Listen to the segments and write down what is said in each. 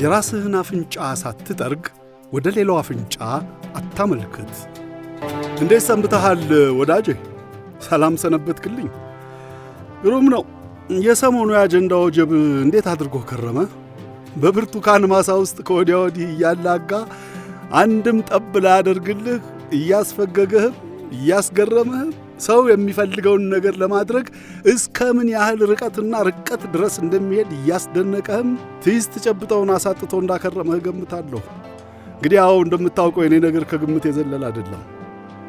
የራስህን አፍንጫ ሳትጠርግ ወደ ሌላው አፍንጫ አታመልክት። እንዴት ሰንብተሃል ወዳጄ? ሰላም ሰነበትክልኝ? ግሩም ነው። የሰሞኑ የአጀንዳው ጀብ እንዴት አድርጎ ከረመ? በብርቱካን ማሳ ውስጥ ከወዲያ ወዲህ እያላጋ አንድም ጠብ ላያደርግልህ እያስፈገገህም እያስገረምህም ሰው የሚፈልገውን ነገር ለማድረግ እስከ ምን ያህል ርቀትና ርቀት ድረስ እንደሚሄድ እያስደነቀህም ትዕይስት ጨብጠውን አሳጥቶ እንዳከረመህ እገምታለሁ። እንግዲህ አዎ፣ እንደምታውቀው የኔ ነገር ከግምት የዘለል አይደለም።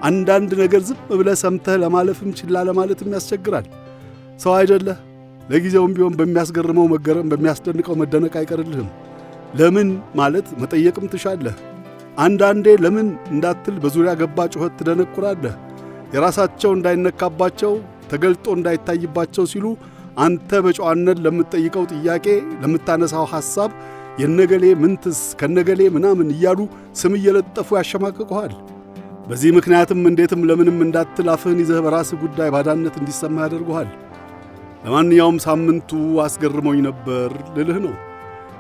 አንዳንድ ነገር ዝም ብለህ ሰምተህ ለማለፍም ችላ ለማለትም ያስቸግራል። ሰው አይደለህ? ለጊዜውም ቢሆን በሚያስገርመው መገረም፣ በሚያስደንቀው መደነቅ አይቀርልህም። ለምን ማለት መጠየቅም ትሻለህ። አንዳንዴ ለምን እንዳትል በዙሪያ ገባ ጩኸት ትደነቁራለህ። የራሳቸው እንዳይነካባቸው ተገልጦ እንዳይታይባቸው ሲሉ አንተ በጨዋነት ለምትጠይቀው ጥያቄ ለምታነሳው ሐሳብ የነገሌ ምንትስ ከነገሌ ምናምን እያሉ ስም እየለጠፉ ያሸማቅቁሃል። በዚህ ምክንያትም እንዴትም ለምንም እንዳትል አፍህን ይዘህ በራስህ ጉዳይ ባዳነት እንዲሰማ ያደርጉሃል። ለማንኛውም ሳምንቱ አስገርሞኝ ነበር ልልህ ነው።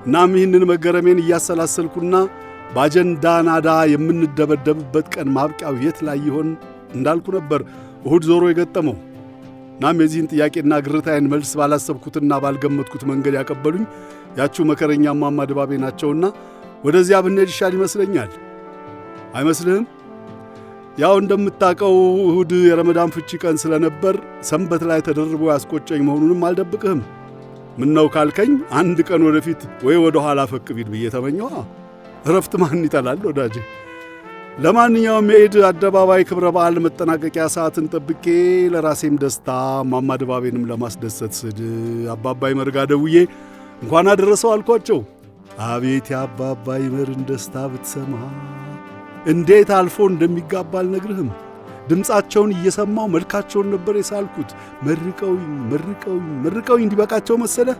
እናም ይህንን መገረሜን እያሰላሰልኩና በአጀንዳ ናዳ የምንደበደብበት ቀን ማብቂያው የት ላይ ይሆን እንዳልኩ ነበር እሁድ ዞሮ የገጠመው። እናም የዚህን ጥያቄና ግርታዬን መልስ ባላሰብኩትና ባልገመትኩት መንገድ ያቀበሉኝ ያችሁ መከረኛ ማማ ድባቤ ናቸውና ወደዚያ ብንሄድ ይሻል ይመስለኛል። አይመስልህም? ያው እንደምታውቀው እሁድ የረመዳን ፍቺ ቀን ስለነበር ሰንበት ላይ ተደርቦ ያስቆጨኝ መሆኑንም አልደብቅህም። ምን ነው ካልከኝ አንድ ቀን ወደፊት ወይ ወደ ኋላ ፈቅ ቢል ብዬ ተመኘዋ። እረፍት ማን ይጠላል ወዳጄ። ለማንኛውም የኢድ አደባባይ ክብረ በዓል መጠናቀቂያ ሰዓትን ጠብቄ ለራሴም ደስታ ማማ ድባቤንም ለማስደሰት ስድ አባባይ መርጋ ደውዬ እንኳን አደረሰው አልኳቸው። አቤት የአባባይ መርን ደስታ ብትሰማ እንዴት አልፎ እንደሚጋባ አልነግርህም። ድምፃቸውን እየሰማው መልካቸውን ነበር የሳልኩት። መርቀውኝ መርቀውኝ መርቀውኝ እንዲበቃቸው መሰለህ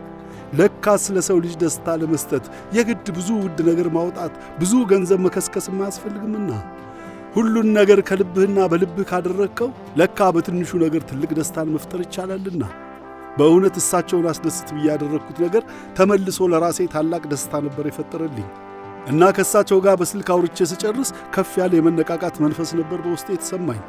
ለካ ስለ ሰው ልጅ ደስታ ለመስጠት የግድ ብዙ ውድ ነገር ማውጣት ብዙ ገንዘብ መከስከስም አያስፈልግምና ሁሉን ነገር ከልብህና በልብህ ካደረግከው ለካ በትንሹ ነገር ትልቅ ደስታን መፍጠር ይቻላልና በእውነት እሳቸውን አስደስት ብዬ ያደረግኩት ነገር ተመልሶ ለራሴ ታላቅ ደስታ ነበር የፈጠረልኝ እና ከእሳቸው ጋር በስልክ አውርቼ ስጨርስ ከፍ ያለ የመነቃቃት መንፈስ ነበር በውስጤ የተሰማኝ።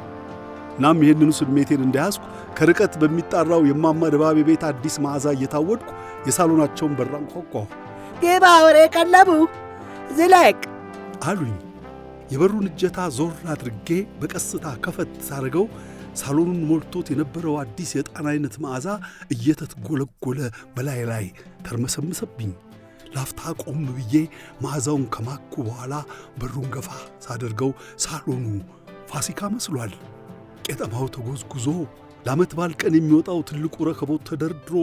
እናም ይህንኑ ስሜቴን እንደያዝኩ ከርቀት በሚጣራው የማማ ድባቤ ቤት አዲስ መዓዛ እየታወድኩ የሳሎናቸውን በራን ኳኳሁ። ግባ ወሬ ቀለቡ ዝለቅ አሉኝ። የበሩን እጀታ ዞር አድርጌ በቀስታ ከፈት ሳረገው ሳሎኑን ሞልቶት የነበረው አዲስ የጣና አይነት መዓዛ እየተትጎለጎለ በላይ ላይ ተርመሰምሰብኝ። ላፍታ ቆም ብዬ መዓዛውን ከማኩ በኋላ በሩን ገፋ ሳደርገው ሳሎኑ ፋሲካ መስሏል። ቄጠማው ተጎዝጉዞ ለዓመት በዓል ቀን የሚወጣው ትልቁ ረከቦት ተደርድሮ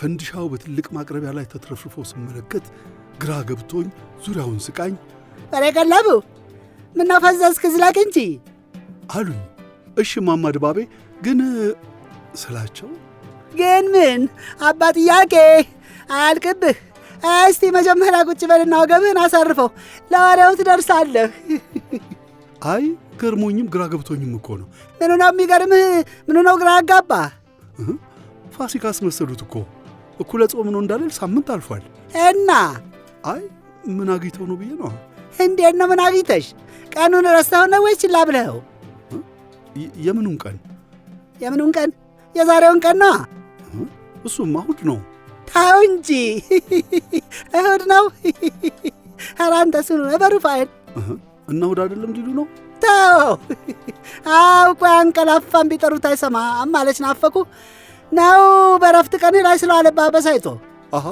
ፈንዲሻው በትልቅ ማቅረቢያ ላይ ተትረፍርፎ ስመለከት ግራ ገብቶኝ ዙሪያውን ስቃኝ ኧረ ቀላቡ ምነው ፈዘዝክ እንጂ አሉኝ። እሺ ማማ ድባቤ ግን ስላቸው ግን ምን አባ ጥያቄ አያልቅብህ። እስቲ መጀመሪያ ቁጭ በልና ወገብህን አሳርፈው ለወሬው ትደርሳለህ። አይ ገርሞኝም ግራ ገብቶኝም እኮ ነው። ምን ሆነው የሚገርምህ ምን ነው ግራ አጋባ? ፋሲካ አስመሰሉት እኮ እኩለ ጾም ነው እንዳልል ሳምንት አልፏል። እና አይ ምን አግኝተው ነው ብዬ ነው። እንዴት ነው ምን አግኝተሽ? ቀኑን ረስተው ነው ወይ ችላ ብለኸው? የምኑን ቀን የምኑን ቀን? የዛሬውን ቀን ነዋ። እሱም አሁድ ነው። ታው እንጂ እሁድ ነው። ኧረ አንተስ ሩፋኤል እና እሑድ አይደለም ዲሉ ነው። ተው አውቆ አንቀላፋም ቢጠሩት አይሰማም ማለች ናፈኩ ነው በረፍት ቀን ላይ ስለዋለባ በሳይቶ አሃ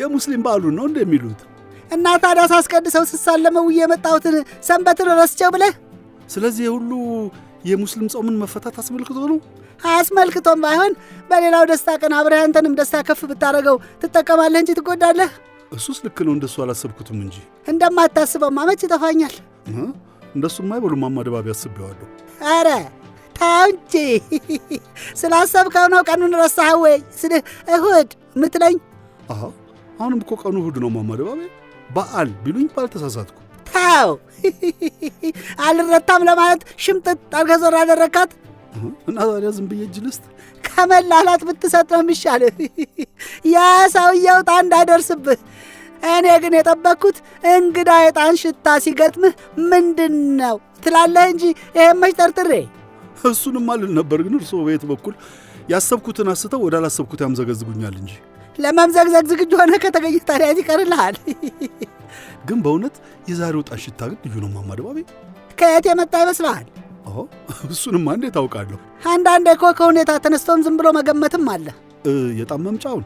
የሙስሊም በዓሉን ነው እንደሚሉት እና ታዲያ ሳስቀድሰው ስሳለመው የመጣሁትን ሰንበትን ረስቸው ብለህ ስለዚህ ሁሉ የሙስሊም ጾምን መፈታት አስመልክቶ ነው። አስመልክቶም ባይሆን በሌላው ደስታ ቀን አብረህ አንተንም ደስታ ከፍ ብታደረገው ትጠቀማለህ እንጂ ትጎዳለህ። እሱስ ልክ ነው። እንደሱ አላሰብኩትም እንጂ እንደማታስበው ማመች ይጠፋኛል። እንደሱማ አይበሉም። አማደባቢ አስቤዋለሁ። አረ ተው እንጂ ስላሰብከው ነው። ቀኑን ረሳህ ወይ ስልህ እሁድ ምትለኝ? አሁንም እኮ ቀኑ እሁድ ነው። ማማደባቢ በዓል ቢሉኝ ባልተሳሳትኩ። ተው አልረታም ለማለት ሽምጥጥ አድርገህ ዞር አደረካት። እና ታዲያ ዝም ብዬ እጅ ልስጥ? ከመላላት ብትሰጥ ነው የሚሻልህ። ያ ሰውየው ጣ እንዳይደርስብህ እኔ ግን የጠበቅኩት እንግዳ የጣን ሽታ ሲገጥምህ ምንድን ነው ትላለህ እንጂ ይሄን መች ጠርጥሬ እሱንም አልል ነበር። ግን እርስዎ በየት በኩል ያሰብኩትን አስተው ወዳላሰብኩት ያምዘገዝጉኛል እንጂ ለመምዘግዘግ ዝግጁ ሆነ ከተገኘ ታዲያ ይቀርልሃል። ግን በእውነት የዛሬው ጣን ሽታ ግን ልዩ ነው። ማማ ድባቤ ከየት የመጣ ይመስልሃል? እሱንማ እንዴት አውቃለሁ? አንዳንዴ እኮ ከሁኔታ ተነስቶም ዝም ብሎ መገመትም አለ። የጣም መምጫውን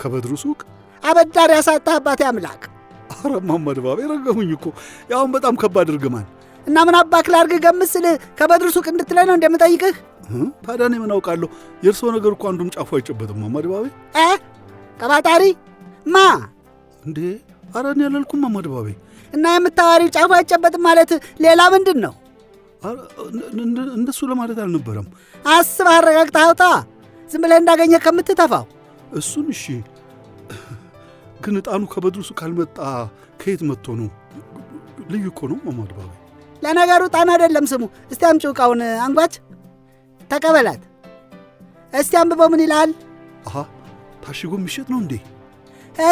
ከበድሩ ሱቅ አበዳሪ ያሳጣ አባቴ አምላክ። አረ እማማ ድባቤ ረገሙኝ እኮ ያሁን በጣም ከባድ እርግማን እና ምን አባክ ላርግ ገምስል ከበድር ሱቅ እንድትለይ ነው እንደምጠይቅህ። ታዲያ እኔ ምን አውቃለሁ? የእርስዎ ነገር እኮ አንዱም ጫፉ አይጨበጥም። እማማ ድባቤ ቀባጣሪ ማ እንዴ? አረ እኔ አላልኩም እማማ ድባቤ። እና የምታዋሪው ጫፉ አይጨበጥም ማለት ሌላ ምንድን ነው? እንደሱ ለማለት አልነበረም። አስብ፣ አረጋግጠህ አውጣ። ዝም ብለህ እንዳገኘ ከምትተፋው እሱን እሺ ግን ዕጣኑ ከበድሩሱ ካልመጣ ከየት መጥቶ ነው? ልዩ እኮ ነው ማማ አድባቤ። ለነገሩ ዕጣን አይደለም ስሙ። እስቲ አምጪው ዕቃውን አንጓች፣ ተቀበላት። እስቲ አንብበው ምን ይላል? አሃ ታሽጎ የሚሸጥ ነው እንዴ?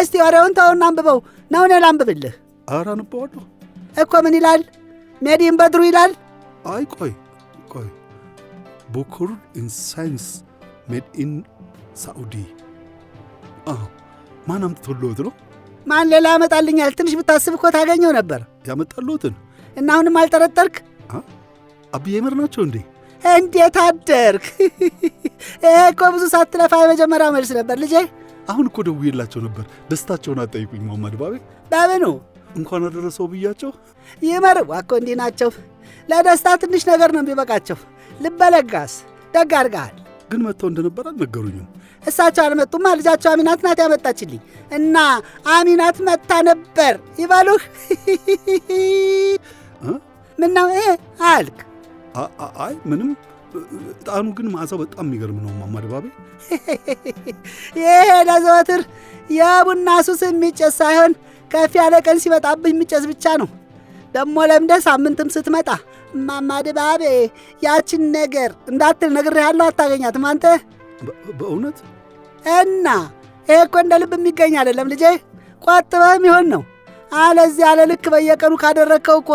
እስቲ ወሬውን ተውና አንብበው። ነው እኔ ላንብብልህ? ኧረ አንብበዋለሁ እኮ። ምን ይላል? ሜዲን በድሩ ይላል። አይ ቆይ ቆይ ቡኩር ኢን ሳይንስ ሜድ ኢን ሳዑዲ ማን አምጥቶልዎት ነው? ማን ሌላ ያመጣልኛል? ትንሽ ብታስብ እኮ ታገኘው ነበር። ያመጣልዎትን እና አሁንም አልጠረጠርክ? አብዬ ምር ናቸው እንዴ? እንዴት አደርክ? ይሄ እኮ ብዙ ሳትለፋ የመጀመሪያው መልስ ነበር ልጄ። አሁን እኮ ደውዬላቸው ነበር። ደስታቸውን አጠይቁኝ ማማ ድባቤ። በምኑ እንኳን አደረሰው ብያቸው ይመር ዋኮ እንዲህ ናቸው። ለደስታ ትንሽ ነገር ነው የሚበቃቸው። ልበለጋስ ደግ አድርገሃል። ግን መጥተው እንደነበር አልነገሩኝም። እሳቸው አልመጡማ። ልጃቸው አሚናት ናት ያመጣችልኝ እና አሚናት መታ ነበር ይበሉህ። ምነው አልክ? አይ ምንም። ጣኑ ግን መዓዛው በጣም የሚገርም ነው። ማማድባቤ ይሄ ለዘወትር የቡና ሱስ የሚጨስ ሳይሆን ከፍ ያለ ቀን ሲመጣብህ የሚጨስ ብቻ ነው። ደግሞ ለምደ ሳምንትም ስትመጣ እማማ ድባቤ ያችን ነገር እንዳትል ያለው አታገኛትም አንተ በእውነት እና ይሄ እኮ እንደ ልብ የሚገኝ አይደለም ልጄ፣ ቆጥበህም ይሆን ነው። አለዚህ አለ ልክ በየቀኑ ካደረግከው እኮ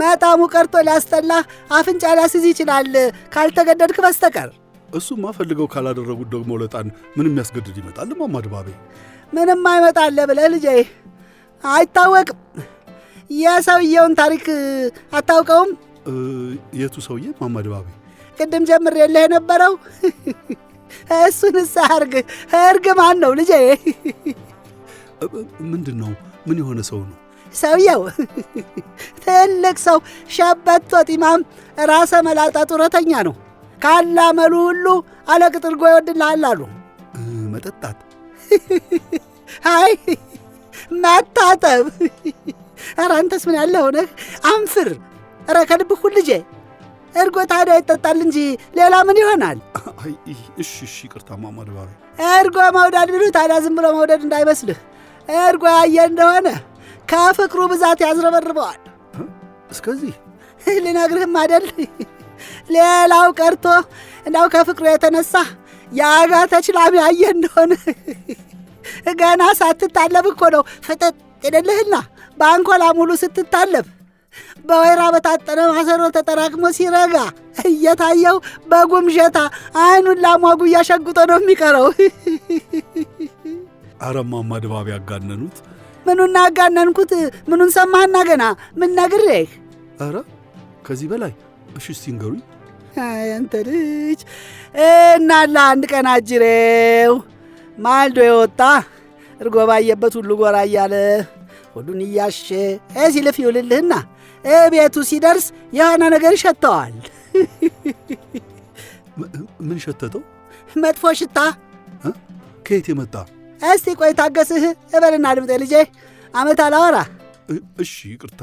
መጣሙ ቀርቶ ሊያስጠላ አፍንጫ ሊያስይዝ ይችላል፣ ካልተገደድክ በስተቀር። እሱማ ፈልገው ካላደረጉት ደግሞ ለጣን ምን የሚያስገድድ ይመጣል? ማማድባቤ ምንም አይመጣለ ብለህ ልጄ፣ አይታወቅም። የሰውየውን ታሪክ አታውቀውም? የቱ ሰውዬ? ማማድባቤ ቅድም ጀምር የለህ የነበረው እሱንስ እርግ እርግ ማን ነው ልጄ? ምንድን ነው? ምን የሆነ ሰው ነው ሰውየው? ትልቅ ሰው፣ ሸበቶ ጢማም፣ ራሰ መላጣ ጡረተኛ ነው። ካላመሉ ሁሉ አለቅጥ እርጎ ይወድልሃል አሉ። መጠጣት፣ አይ መታጠብ። ኧረ አንተስ ምን ያለ ሆነህ አንፍር እረ ከልብህ ልጄ። እርጎ ታዲያ ይጠጣል እንጂ ሌላ ምን ይሆናል? እሺ እሺ፣ ይቅርታ እማማ ድባቤ። እርጎ መውደድ ቢሉ ታዲያ ዝም ብሎ መውደድ እንዳይመስልህ። እርጎ ያየ እንደሆነ ከፍቅሩ ብዛት ያዝረበርበዋል። እስከዚህ ልነግርህም አደል። ሌላው ቀርቶ እንዳው ከፍቅሩ የተነሳ የአጋ ላም ያየ እንደሆነ ገና ሳትታለብ እኮ ነው ፍጥጥ ይደልህና በአንኮላ ሙሉ ስትታለብ በወይራ በታጠነ ማሰሮ ተጠራቅሞ ሲረጋ እየታየው በጉምሸታ አይኑን ላሟጉ እያሸጉጦ ነው የሚቀረው። አረማማ ድባብ ያጋነኑት ምኑን ያጋነንኩት? ምኑን ሰማህና ገና ምን ነግሬህ? ኧረ ከዚህ በላይ እሺ፣ እስቲ ንገሩኝ። አንተ ልጅ እናላ አንድ ቀን አጅሬው ማልዶ የወጣ እርጎ ባየበት ሁሉ ጎራ እያለ ሁሉን እያሸ ሲልፍ ይውልልህና ቤቱ ሲደርስ የሆነ ነገር ሸተዋል። ምን ሸተተው? መጥፎ ሽታ። ከየት የመጣ? እስቲ ቆይ ታገስህ እበልና ድምጤ ልጄ፣ አመት አላወራ። እሺ ይቅርታ።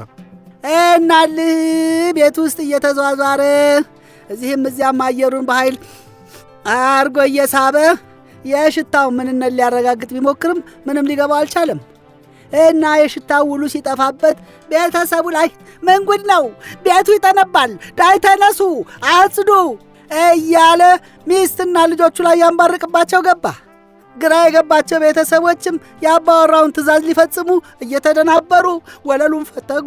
እናልህ ቤት ውስጥ እየተዟዟረ እዚህም እዚያም አየሩን በኃይል አርጎ እየሳበ የሽታው ምንነት ሊያረጋግጥ ቢሞክርም ምንም ሊገባው አልቻለም። እና የሽታ ውሉ ሲጠፋበት ቤተሰቡ ላይ መንጉድ ነው። ቤቱ ይጠነባል። ዳይ ተነሱ፣ አጽዱ እያለ ሚስትና ልጆቹ ላይ ያንባርቅባቸው ገባ። ግራ የገባቸው ቤተሰቦችም የአባወራውን ትዕዛዝ ሊፈጽሙ እየተደናበሩ ወለሉን ፈተጉ፣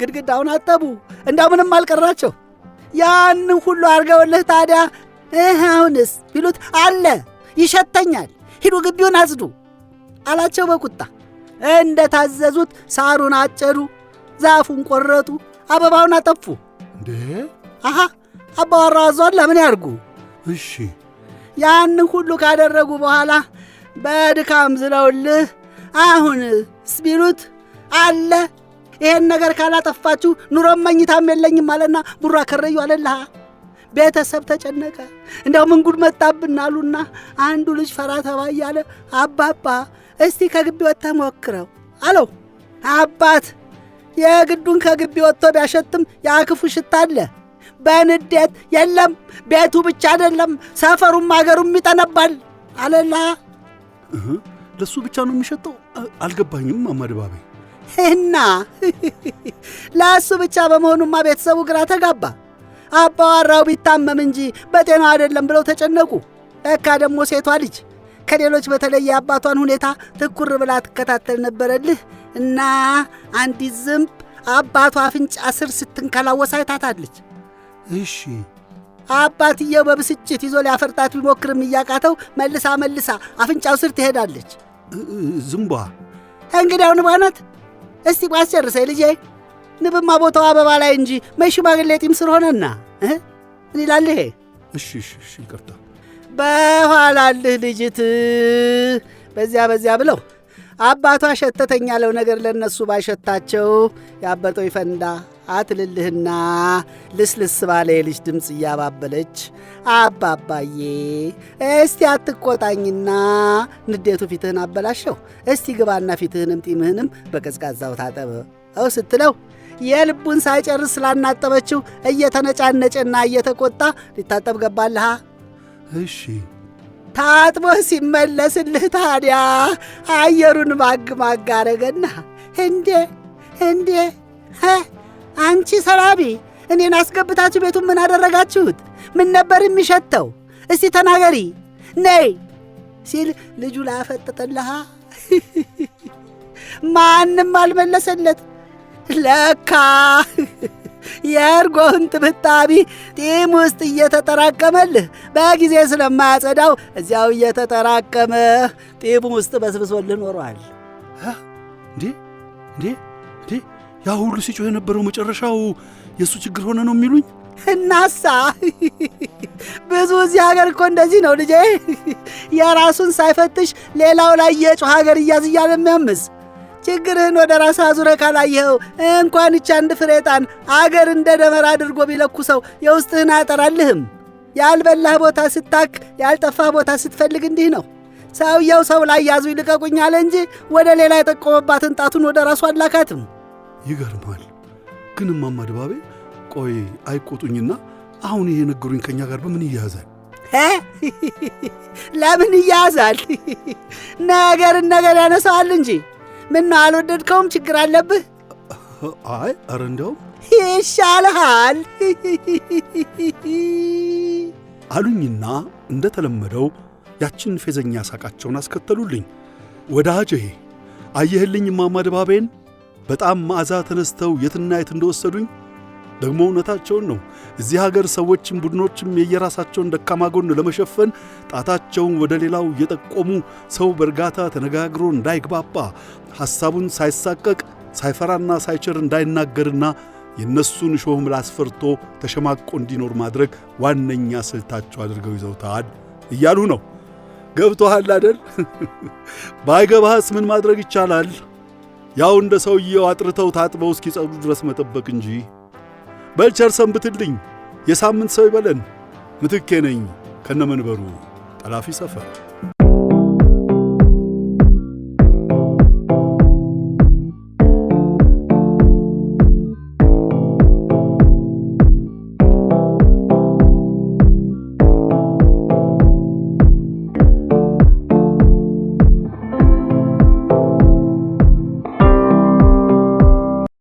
ግድግዳውን አጠቡ፣ እንደምንም አልቀራቸው። ያንን ሁሉ አድርገውልህ ታዲያ አሁንስ ቢሉት አለ ይሸተኛል፣ ሂዱ ግቢውን አጽዱ አላቸው በቁጣ። እንደ ታዘዙት ሳሩን አጨዱ፣ ዛፉን ቆረጡ፣ አበባውን አጠፉ። እንዴ አሃ አባዋራ አዟን ለምን ያርጉ? እሺ ያን ሁሉ ካደረጉ በኋላ በድካም ዝለውልህ አሁን ስቢሉት አለ ይሄን ነገር ካላጠፋችሁ ኑሮም መኝታም የለኝም አለና ቡራ ከረዩ አለልሃ ቤተሰብ ተጨነቀ። እንደው ምን ጉድ መጣብን አሉና አንዱ ልጅ ፈራ ተባ እያለ አባባ እስቲ ከግቢ ወጥተህ ሞክረው አለው። አባት የግዱን ከግቢ ወጥቶ ቢያሸትም የአክፉ ሽታ አለ። በንዴት የለም ቤቱ ብቻ አይደለም ሰፈሩም አገሩም ይጠነባል አለላ። ለሱ ብቻ ነው የሚሸጠው? አልገባኝም አማድባቤ እና ለእሱ ብቻ በመሆኑማ ቤተሰቡ ግራ ተጋባ። አባዋራው ቢታመም እንጂ በጤናው አይደለም ብለው ተጨነቁ። እካ ደግሞ ሴቷ ልጅ ከሌሎች በተለይ አባቷን ሁኔታ ትኩር ብላ ትከታተል ነበረልህ እና አንዲት ዝንብ አባቷ አፍንጫ ስር ስትንከላወስ አይታታለች። እሺ አባትየው በብስጭት ይዞ ሊያፈርጣት ቢሞክርም እያቃተው መልሳ መልሳ አፍንጫው ስር ትሄዳለች። ዝንቧ እንግዲያው ንቧ ናት። እስቲ ባስጨርሰኝ ልጄ። ንብማ ቦታው አበባ ላይ እንጂ መሽማግሌ ጢም ስር ሆነና ምን ይላል ይሄ? እሺ እሺ፣ ይቅርታ በኋላልህ ልጅት በዚያ በዚያ ብለው አባቷ ሸተተኝ ያለው ነገር ለነሱ ባይሸታቸው ያበጠው ይፈንዳ አትልልህና ልስልስ ባለ የልጅ ድምፅ እያባበለች አባባዬ እስቲ አትቆጣኝና ንዴቱ ፊትህን አበላሸው፣ እስቲ ግባና ፊትህንም ጢምህንም በቀዝቃዛው ታጠበ ው ስትለው የልቡን ሳይጨርስ ስላናጠበችው እየተነጫነጨና እየተቆጣ ሊታጠብ ገባልሃ እሺ። ታጥቦ ሲመለስልህ ታዲያ አየሩን ማግ ማጋረገና እንዴ እንዴ አንቺ ሰራቢ እኔን አስገብታችሁ ቤቱን ምን አደረጋችሁት? ምን ነበር የሚሸተው? እስቲ ተናገሪ ነይ ሲል ልጁ ላፈጠጠልሃ ማንም አልመለሰለት ለካ የእርጎህን ጥብጣቢ ጢም ውስጥ እየተጠራቀመልህ በጊዜ ስለማያጸዳው እዚያው እየተጠራቀመ ጢም ውስጥ በስብሶልህ ኖሯል። እንዴ እንዴ እንዴ! ያ ሁሉ ሲጮህ የነበረው መጨረሻው የእሱ ችግር ሆነ ነው የሚሉኝ? እናሳ ብዙ እዚህ ሀገር እኮ እንደዚህ ነው ልጄ። የራሱን ሳይፈትሽ ሌላው ላይ የጮህ ሀገር እያዝ እያለ የሚያምስ ችግርህን ወደ ራስ አዙረህ ካላየኸው እንኳን ይች አንድ ፍሬ ዕጣን አገር እንደ ደመራ አድርጎ ቢለኩሰው የውስጥህን አያጠራልህም። ያልበላህ ቦታ ስታክ፣ ያልጠፋህ ቦታ ስትፈልግ እንዲህ ነው። ሰውየው ሰው ላይ ያዙ ይልቀቁኝ አለ እንጂ ወደ ሌላ የጠቆመባትን ጣቱን ወደ ራሱ አላካትም። ይገርማል። ግን እማማ ድባቤ ቆይ አይቆጡኝና አሁን ይሄ ነገሩኝ ከእኛ ጋር በምን እያያዛል? ለምን እያያዛል? ነገርን ነገር ያነሳዋል እንጂ ምን ነው አልወደድከውም? ችግር አለብህ? አይ ኧረ እንደውም ይሻልሃል አሉኝና እንደተለመደው ያችን ፌዘኛ ሳቃቸውን አስከተሉልኝ። ወዳጄ አየህልኝ ማማ ድባቤን በጣም ማዕዛ ተነስተው የትና የት እንደወሰዱኝ ደግሞ እውነታቸውን ነው። እዚህ ሀገር ሰዎችም ቡድኖችም የየራሳቸውን ደካማ ጎን ለመሸፈን ጣታቸውን ወደ ሌላው እየጠቆሙ ሰው በእርጋታ ተነጋግሮ እንዳይግባባ ሐሳቡን ሳይሳቀቅ ሳይፈራና ሳይችር እንዳይናገርና የእነሱን እሾህም ላስፈርቶ ተሸማቆ እንዲኖር ማድረግ ዋነኛ ስልታቸው አድርገው ይዘውታል እያሉ ነው። ገብቶሃል አደል? ባይገባህስ ምን ማድረግ ይቻላል? ያው እንደ ሰውየው አጥርተው ታጥበው እስኪጸዱ ድረስ መጠበቅ እንጂ በልቸር ሰንብትልኝ። የሳምንት ሰው ይበለን። ምትኬ ነኝ ከነመንበሩ ጠላፊ ሰፈር